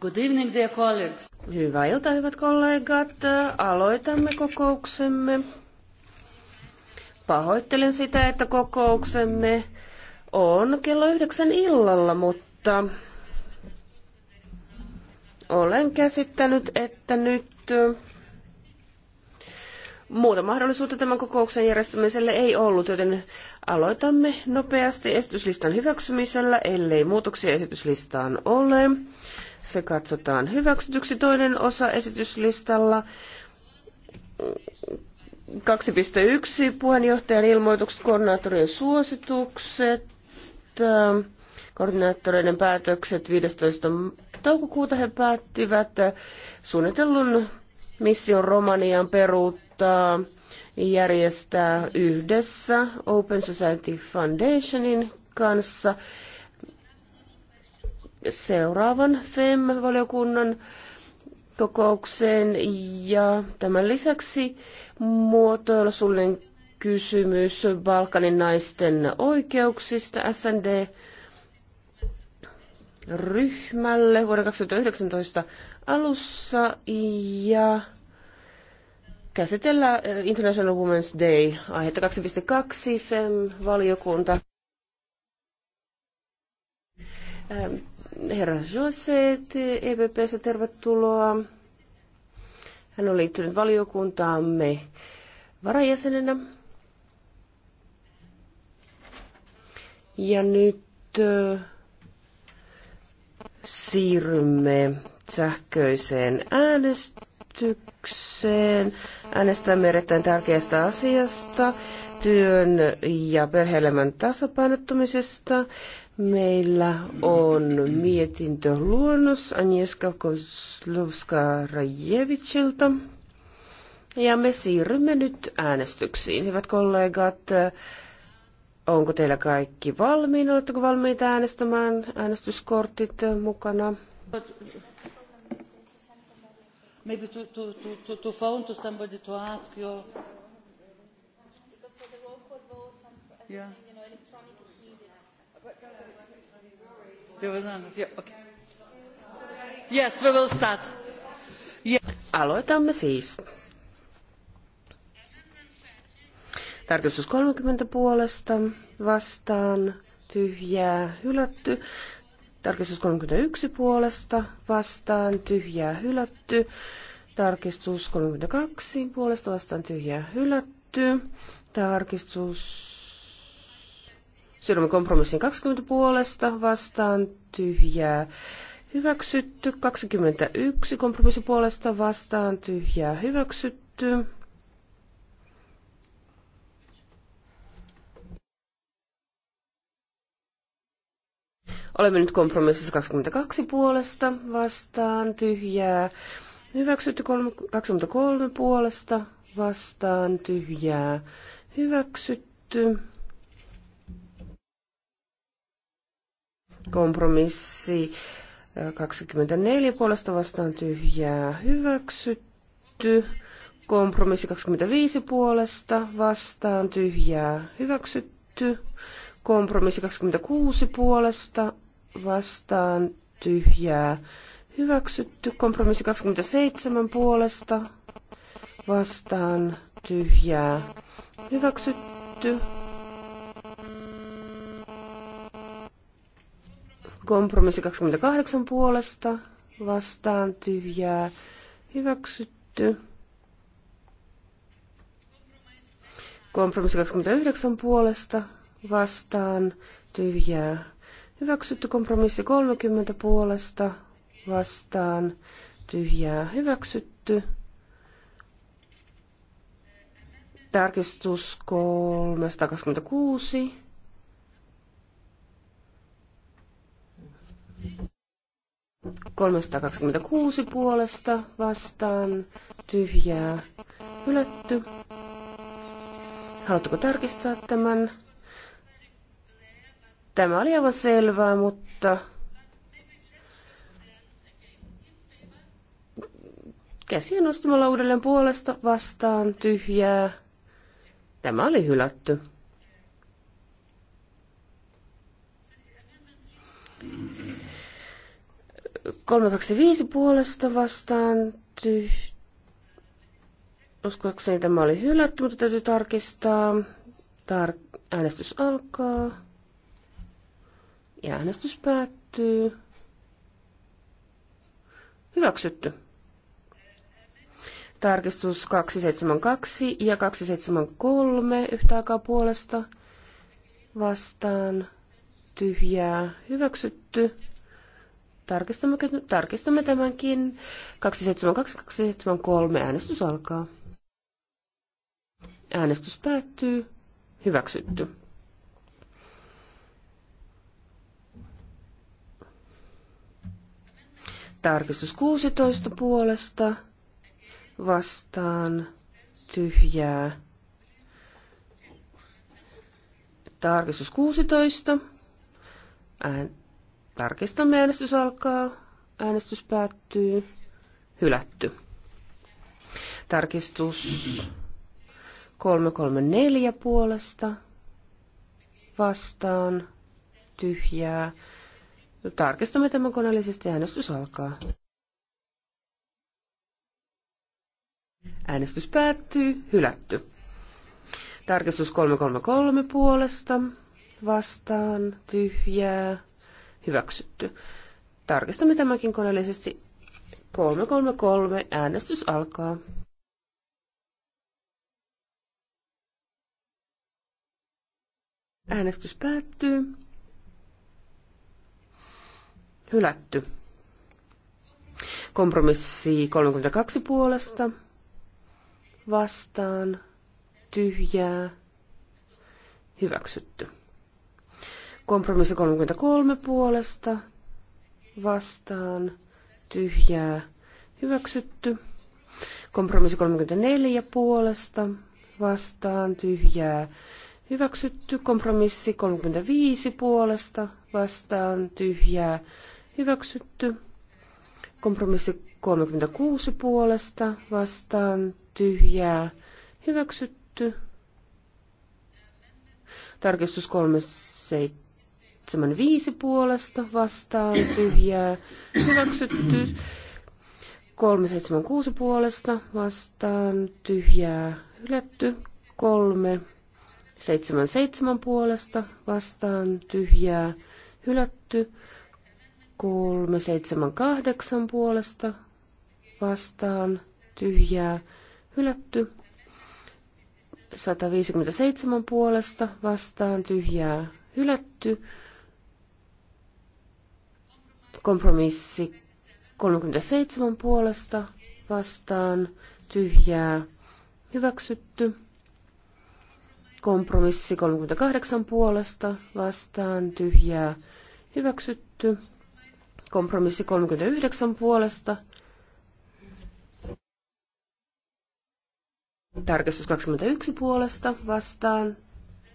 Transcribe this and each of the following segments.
Good evening, dear colleagues. Hyvää iltaa, hyvät kollegat. Aloitamme kokouksemme. Pahoittelen sitä, että kokouksemme on kello yhdeksän illalla, mutta olen käsittänyt, että nyt Muuta mahdollisuutta tämän kokouksen järjestämiselle ei ollut, joten aloitamme nopeasti esityslistan hyväksymisellä, ellei muutoksia esityslistaan ole. Se katsotaan hyväksytyksi toinen osa esityslistalla. 2.1. Puheenjohtajan ilmoitukset, koordinaattorien suositukset, koordinaattoreiden päätökset 15. toukokuuta he päättivät suunnitellun mission Romanian peruut kannattaa järjestää yhdessä Open Society Foundationin kanssa seuraavan FEM-valiokunnan kokoukseen ja tämän lisäksi muotoilla sullen kysymys Balkanin naisten oikeuksista SND ryhmälle vuoden 2019 alussa ja käsitellä äh, International Women's Day aihetta 2.2 FEM-valiokunta. Ähm, herra Jose EPPstä tervetuloa. Hän on liittynyt valiokuntaamme varajäsenenä. Ja nyt äh, siirrymme sähköiseen äänestykseen. Äänestämme erittäin tärkeästä asiasta, työn ja perhe-elämän tasapainottumisesta. Meillä on mietintö luonnos Agnieszka koslovska rajevicilta Ja me siirrymme nyt äänestyksiin. Hyvät kollegat, onko teillä kaikki valmiina? Oletteko valmiita äänestämään äänestyskortit mukana? maybe to, to, to, to, to phone to somebody to ask your... Because for the roll call votes and for everything, yeah. you know, electronic is needed. But there was none. Yeah, okay. Yes, we will start. Yeah. Aloitamme siis. Tarkistus 30 puolesta vastaan tyhjää hylätty. Tarkistus 31 puolesta vastaan tyhjää hylätty. Tarkistus 32 puolesta vastaan tyhjää hylätty. Tarkistus Siirrymme kompromissin 20 puolesta vastaan tyhjää hyväksytty. 21 kompromissin puolesta vastaan tyhjää hyväksytty. Olemme nyt kompromississa 22 puolesta vastaan tyhjää. Hyväksytty 23 puolesta vastaan tyhjää. Hyväksytty. Kompromissi 24 puolesta vastaan tyhjää. Hyväksytty. Kompromissi 25 puolesta vastaan tyhjää. Hyväksytty. Kompromissi 26 puolesta vastaan tyhjää hyväksytty. Kompromissi 27 puolesta vastaan tyhjää hyväksytty. Kompromissi 28 puolesta vastaan tyhjää hyväksytty. Kompromissi 29 puolesta vastaan tyhjää Hyväksytty kompromissi 30 puolesta vastaan. Tyhjää hyväksytty. Tarkistus 326. kuusi puolesta vastaan tyhjää hylätty. Haluatteko tarkistaa tämän? Tämä oli aivan selvää, mutta käsiä nostamalla uudelleen puolesta vastaan tyhjää. Tämä oli hylätty. Kolme kaksi viisi puolesta vastaan tyhjää. Uskoakseni tämä oli hylätty, mutta täytyy tarkistaa. Tar- äänestys alkaa. Ja äänestys päättyy. Hyväksytty. Tarkistus 272 ja 273 yhtä aikaa puolesta vastaan tyhjää hyväksytty. Tarkistamme, tarkistamme tämänkin. 272, 273 äänestys alkaa. Äänestys päättyy. Hyväksytty. Tarkistus 16 puolesta vastaan tyhjää. Tarkistus 16. Ään... Tarkistamme äänestys alkaa. Äänestys päättyy. Hylätty. Tarkistus 334 puolesta vastaan tyhjää Tarkistamme tämän koneellisesti. Äänestys alkaa. Äänestys päättyy. Hylätty. Tarkistus 333 puolesta. Vastaan. Tyhjää. Hyväksytty. Tarkistamme tämäkin koneellisesti. 333. Äänestys alkaa. Äänestys päättyy. Hylätty. Kompromissi 32 puolesta. Vastaan. Tyhjää. Hyväksytty. Kompromissi 33 puolesta. Vastaan. Tyhjää. Hyväksytty. Kompromissi 34 puolesta. Vastaan. Tyhjää. Hyväksytty kompromissi 35 puolesta vastaan tyhjää. Hyväksytty. Kompromissi 36 puolesta vastaan tyhjää. Hyväksytty. Tarkistus 375 puolesta vastaan tyhjää. Hyväksytty. 376 puolesta vastaan tyhjää. Hylätty. 377 puolesta vastaan tyhjää hylätty, 378 puolesta vastaan tyhjää hylätty. 157 puolesta vastaan tyhjää hylätty. Kompromissi 37 puolesta vastaan tyhjää hyväksytty. Kompromissi 38 puolesta vastaan tyhjää hyväksytty. Kompromissi 39 puolesta. Tarkistus 21 puolesta vastaan.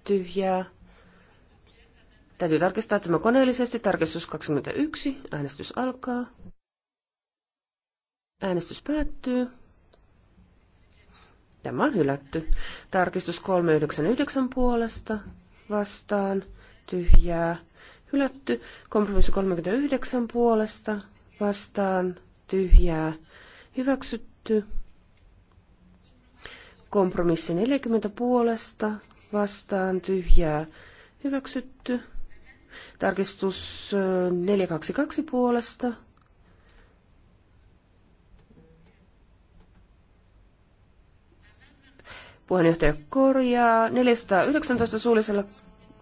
Tyhjää. Täytyy tarkistaa tämä koneellisesti. Tarkistus 21. Äänestys alkaa. Äänestys päättyy. Tämä on hylätty. Tarkistus 399 puolesta vastaan. Tyhjää hylätty. Kompromissi 39 puolesta vastaan tyhjää hyväksytty. Kompromissi 40 puolesta vastaan tyhjää hyväksytty. Tarkistus 422 puolesta puheenjohtaja korjaa 419 suullisella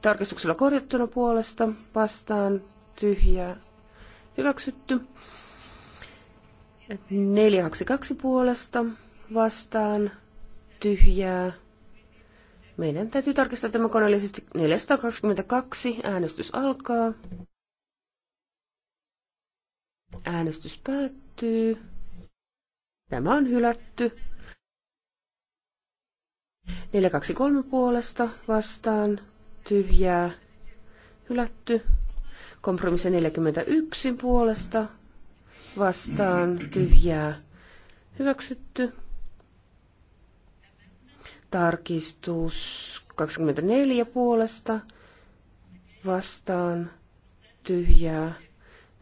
tarkistuksella korjattuna puolesta vastaan tyhjää hyväksytty. 422 puolesta vastaan tyhjää. Meidän täytyy tarkistaa tämä koneellisesti. 422 äänestys alkaa. Äänestys päättyy. Tämä on hylätty. 423 puolesta vastaan tyhjää hylätty. Kompromissi 41 puolesta vastaan tyhjää hyväksytty. Tarkistus 24 puolesta vastaan tyhjää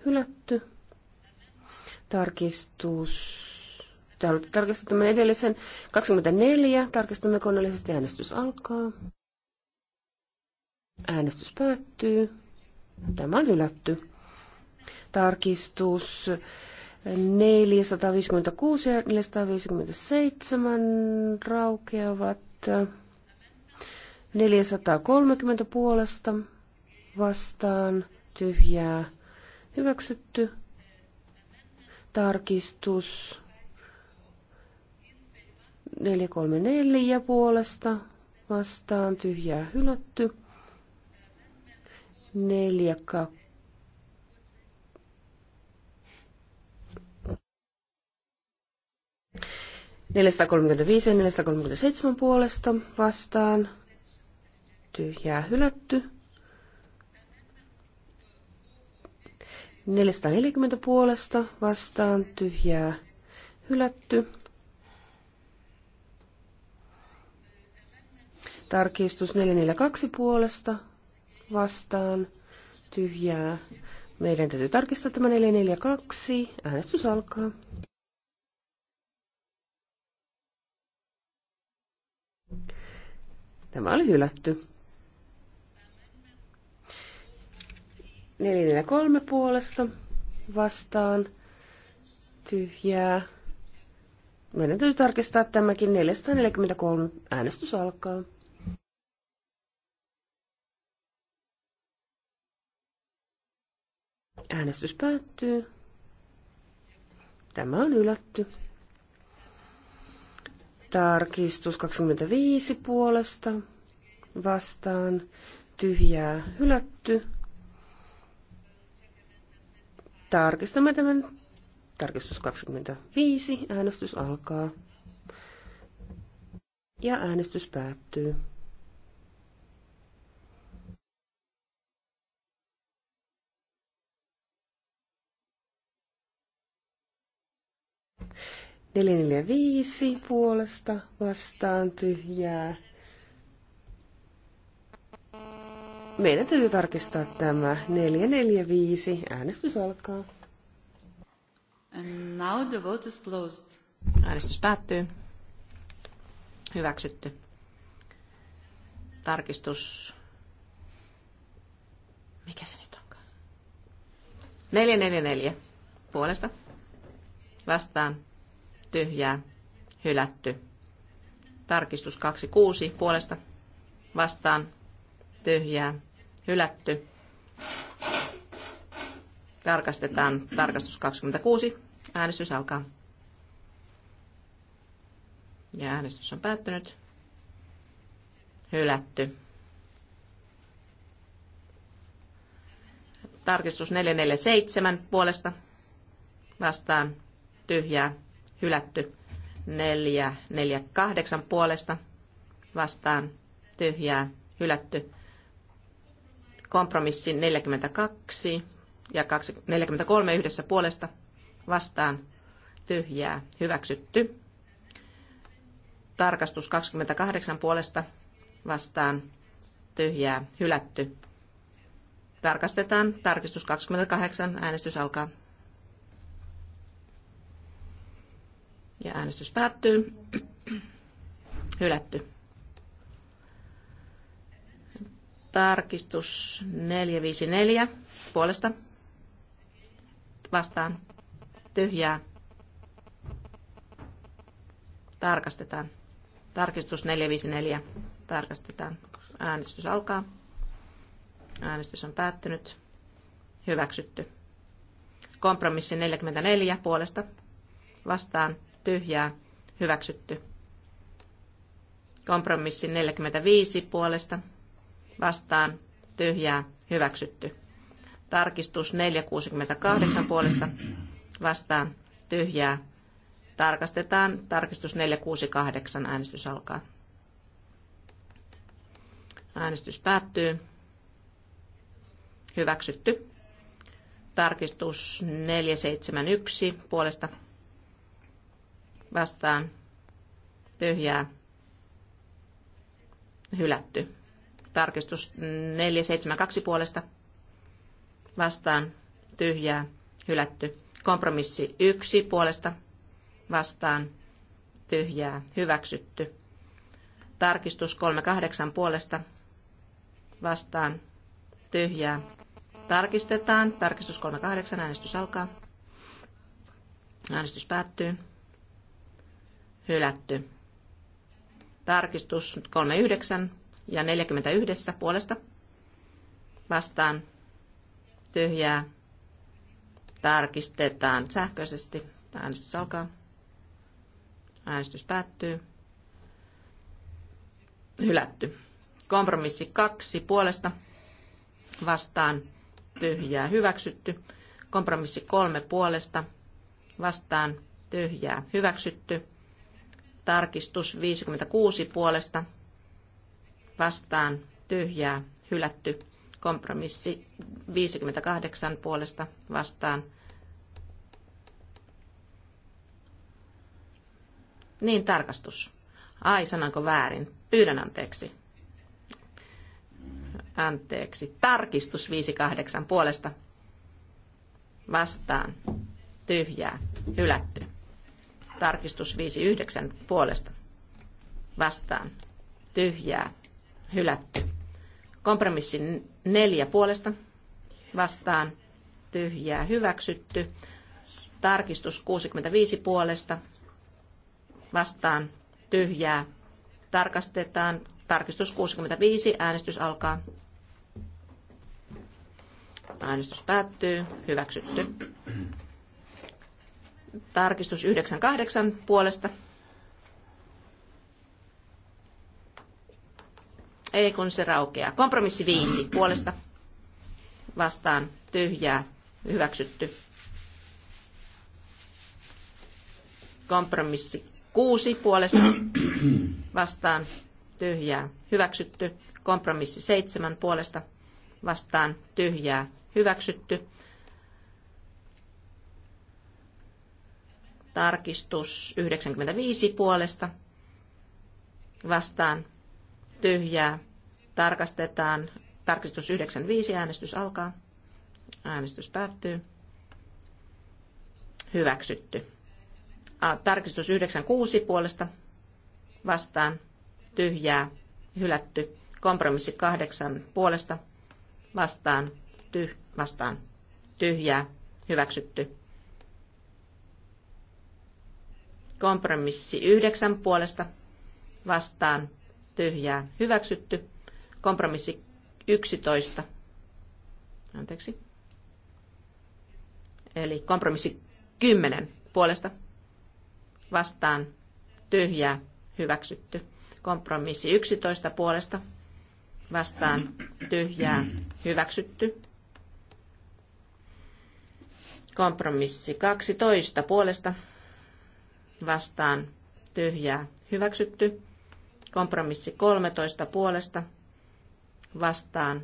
hylätty. Tarkistus. Tarkistamme edellisen 24. Tarkistamme koneellisesti äänestys alkaa. Äänestys päättyy. Tämä on hylätty. Tarkistus 456 ja 457 raukeavat. 430 puolesta vastaan tyhjää hyväksytty. Tarkistus 434 puolesta vastaan tyhjää hylätty neljä Neljästä kolmekymmentäviisi ja neljästä seitsemän puolesta vastaan. Tyhjää hylätty. 440 puolesta vastaan tyhjää hylätty. Tarkistus 442 puolesta vastaan tyhjää. Meidän täytyy tarkistaa tämä 442. Äänestys alkaa. Tämä oli hylätty. 443 puolesta vastaan tyhjää. Meidän täytyy tarkistaa tämäkin 443. Äänestys alkaa. Äänestys päättyy. Tämä on ylätty. Tarkistus 25 puolesta vastaan tyhjää hylätty. Tarkistamme tämän. Tarkistus 25. Äänestys alkaa. Ja äänestys päättyy. 445 puolesta vastaan tyhjää. Meidän täytyy tarkistaa tämä 445. Äänestys alkaa. And now the vote is closed. Äänestys päättyy. Hyväksytty. Tarkistus. Mikä se nyt onkaan? 444. Puolesta. Vastaan tyhjää, hylätty. Tarkistus 26 puolesta vastaan, tyhjää, hylätty. Tarkastetaan tarkastus 26. Äänestys alkaa. Ja äänestys on päättynyt. Hylätty. Tarkistus 447 puolesta vastaan tyhjää hylätty. 4, 4, 8 puolesta vastaan tyhjää hylätty. Kompromissi 42 ja 43 yhdessä puolesta vastaan tyhjää hyväksytty. Tarkastus 28 puolesta vastaan tyhjää hylätty. Tarkastetaan tarkistus 28. Äänestys alkaa. Ja äänestys päättyy. Hylätty. Tarkistus 454 puolesta. Vastaan. Tyhjää. Tarkastetaan. Tarkistus 454. Tarkastetaan. Äänestys alkaa. Äänestys on päättynyt. Hyväksytty. Kompromissi 44 puolesta. Vastaan tyhjää, hyväksytty. Kompromissi 45 puolesta, vastaan, tyhjää, hyväksytty. Tarkistus 468 puolesta, vastaan, tyhjää. Tarkastetaan, tarkistus 468, äänestys alkaa. Äänestys päättyy. Hyväksytty. Tarkistus 471 puolesta vastaan tyhjää hylätty. Tarkistus 472 puolesta vastaan tyhjää hylätty. Kompromissi 1 puolesta vastaan tyhjää hyväksytty. Tarkistus 38 puolesta vastaan tyhjää. Tarkistetaan. Tarkistus 38. Äänestys alkaa. Äänestys päättyy hylätty. Tarkistus 39 ja 41 puolesta vastaan tyhjää. Tarkistetaan sähköisesti. Äänestys alkaa. Äänestys päättyy. Hylätty. Kompromissi kaksi puolesta vastaan tyhjää hyväksytty. Kompromissi kolme puolesta vastaan tyhjää hyväksytty. Tarkistus 56 puolesta vastaan tyhjää hylätty. Kompromissi 58 puolesta vastaan. Niin, tarkastus. Ai, sananko väärin? Pyydän anteeksi. Anteeksi. Tarkistus 58 puolesta vastaan. Tyhjää. Hylätty. Tarkistus 59 puolesta. Vastaan. Tyhjää. Hylätty. Kompromissi 4 puolesta. Vastaan. Tyhjää. Hyväksytty. Tarkistus 65 puolesta. Vastaan. Tyhjää. Tarkastetaan. Tarkistus 65. Äänestys alkaa. Äänestys päättyy. Hyväksytty. Tarkistus 98 puolesta. Ei kun se raukeaa. Kompromissi 5 puolesta. Vastaan tyhjää. Hyväksytty. Kompromissi 6 puolesta. Vastaan tyhjää. Hyväksytty. Kompromissi 7 puolesta. Vastaan tyhjää. Hyväksytty. Tarkistus 95 puolesta vastaan tyhjää. Tarkastetaan. Tarkistus 95. Äänestys alkaa. Äänestys päättyy. Hyväksytty. Tarkistus 96 puolesta vastaan tyhjää. Hylätty. Kompromissi 8 puolesta vastaan, tyh, vastaan tyhjää. Hyväksytty. Kompromissi yhdeksän puolesta vastaan tyhjää hyväksytty. Kompromissi 11. Anteeksi. Eli kompromissi 10 puolesta vastaan tyhjää hyväksytty. Kompromissi 11 puolesta vastaan tyhjää hyväksytty. Kompromissi 12 puolesta vastaan tyhjää hyväksytty. Kompromissi 13 puolesta vastaan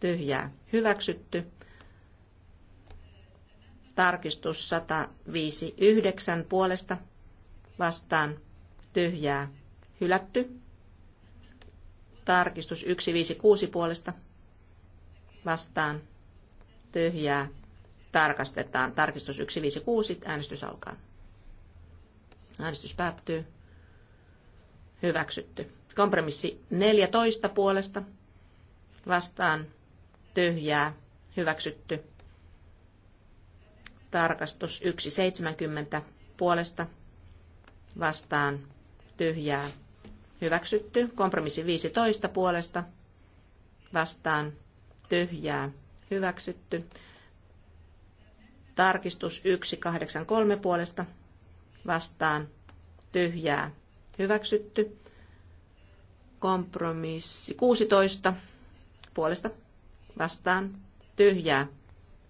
tyhjää hyväksytty. Tarkistus 159 puolesta vastaan tyhjää hylätty. Tarkistus 156 puolesta vastaan tyhjää tarkastetaan. Tarkistus 156, äänestys alkaa. Äänestys päättyy. Hyväksytty. Kompromissi 14 puolesta. Vastaan tyhjää. Hyväksytty. Tarkastus 1.70 puolesta. Vastaan tyhjää. Hyväksytty. Kompromissi 15 puolesta. Vastaan tyhjää. Hyväksytty. Tarkistus 183 puolesta vastaan tyhjää hyväksytty. Kompromissi 16 puolesta vastaan tyhjää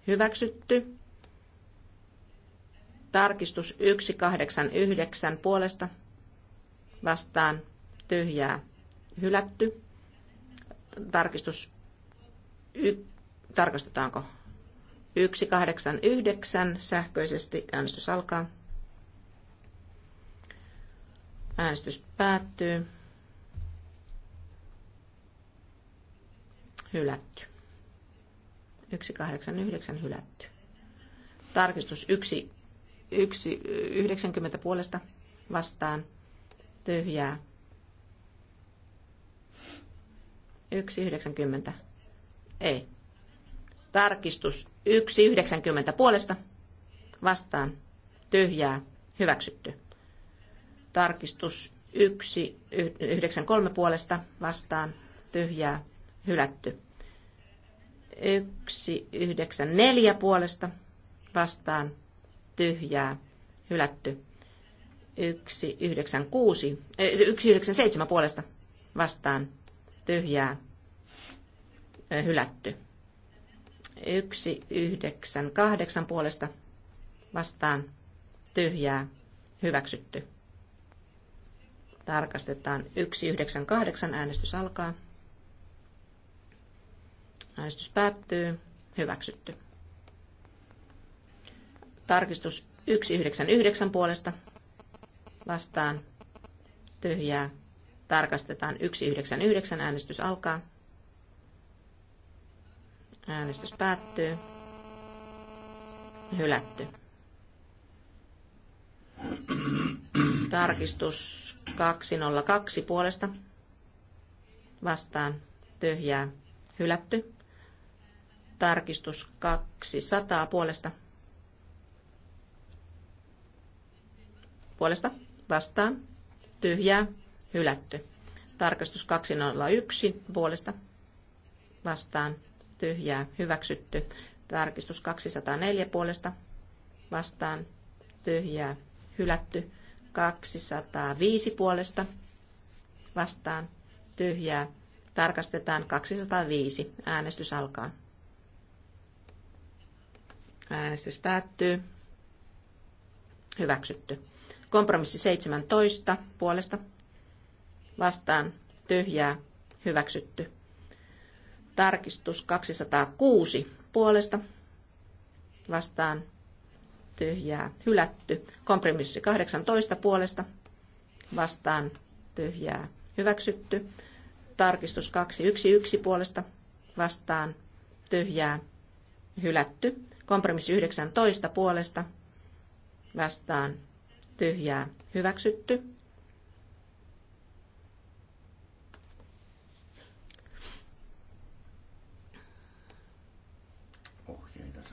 hyväksytty. Tarkistus 189 puolesta vastaan tyhjää hylätty. Tarkistus y, tarkastetaanko 189 sähköisesti äänestys alkaa. Äänestys päättyy. Hylätty. 189 hylätty. Tarkistus 1, 1 90 puolesta vastaan. Tyhjää. 1,90. Ei. Tarkistus 1,90 puolesta. Vastaan. Tyhjää. Hyväksytty. Tarkistus 1, kolme puolesta vastaan tyhjää hylätty. 1, 9, 4 puolesta vastaan tyhjää hylätty. 1, 9, 6, 1, 9, 7 puolesta vastaan tyhjää hylätty. 1, 9, 8 puolesta vastaan tyhjää hyväksytty. Tarkastetaan 198. Äänestys alkaa. Äänestys päättyy. Hyväksytty. Tarkistus 199 puolesta. Vastaan. Tyhjää. Tarkastetaan 199. Äänestys alkaa. Äänestys päättyy. Hylätty. Tarkistus 202 puolesta vastaan tyhjää hylätty. Tarkistus 200 puolesta. Puolesta vastaan tyhjää hylätty. Tarkistus 201 puolesta vastaan tyhjää hyväksytty. Tarkistus 204 puolesta vastaan tyhjää hylätty. 205 puolesta vastaan tyhjää. Tarkastetaan 205. Äänestys alkaa. Äänestys päättyy. Hyväksytty. Kompromissi 17 puolesta vastaan tyhjää. Hyväksytty. Tarkistus 206 puolesta vastaan tyhjää hylätty. Kompromissi 18 puolesta vastaan tyhjää hyväksytty. Tarkistus 211 puolesta vastaan tyhjää hylätty. Kompromissi 19 puolesta vastaan tyhjää hyväksytty.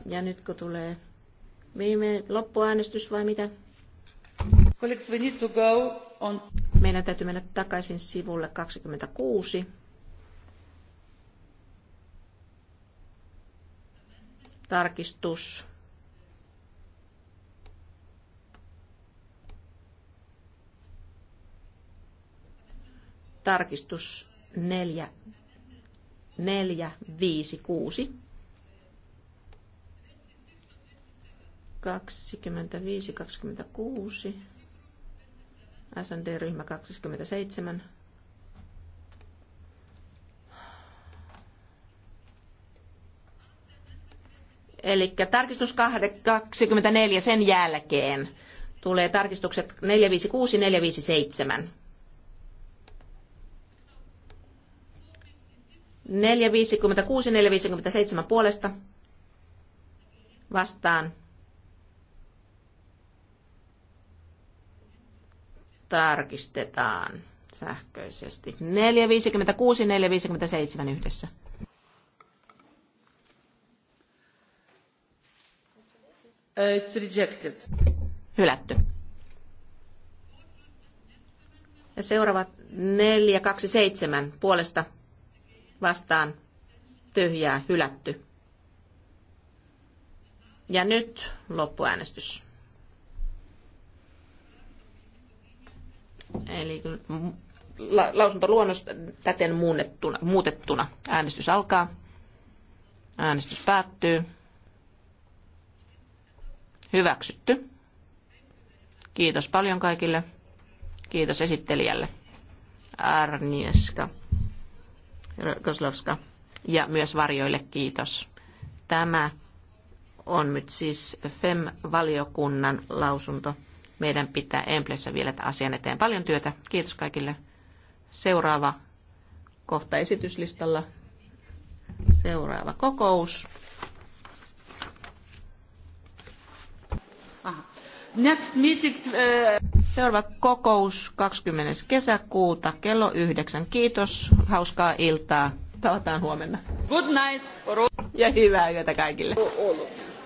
Ja nyt kun tulee Viime loppuäänestys vai mitä? Colleagues, we need to go on... Meidän täytyy mennä takaisin sivulle 26. Tarkistus. Tarkistus 4, 4, 5, 6. 25, 26, SND-ryhmä 27. Eli tarkistus 24 sen jälkeen tulee tarkistukset 456, 457. 456, 457 puolesta vastaan tarkistetaan sähköisesti. 456, 457 yhdessä. Äh, it's rejected. Hylätty. Ja seuraavat 427 puolesta vastaan tyhjää hylätty. Ja nyt loppuäänestys. Eli la, lausuntoluonnos täten muunnettuna, muutettuna. Äänestys alkaa. Äänestys päättyy. Hyväksytty. Kiitos paljon kaikille. Kiitos esittelijälle. Arnieska, Koslovska ja myös varjoille kiitos. Tämä on nyt siis FEM-valiokunnan lausunto meidän pitää Emplessä vielä asian eteen paljon työtä. Kiitos kaikille. Seuraava kohta esityslistalla. Seuraava kokous. Next meeting, äh, Seuraava kokous 20. kesäkuuta kello 9. Kiitos, hauskaa iltaa. Tavataan huomenna. Good night. Ja hyvää yötä kaikille.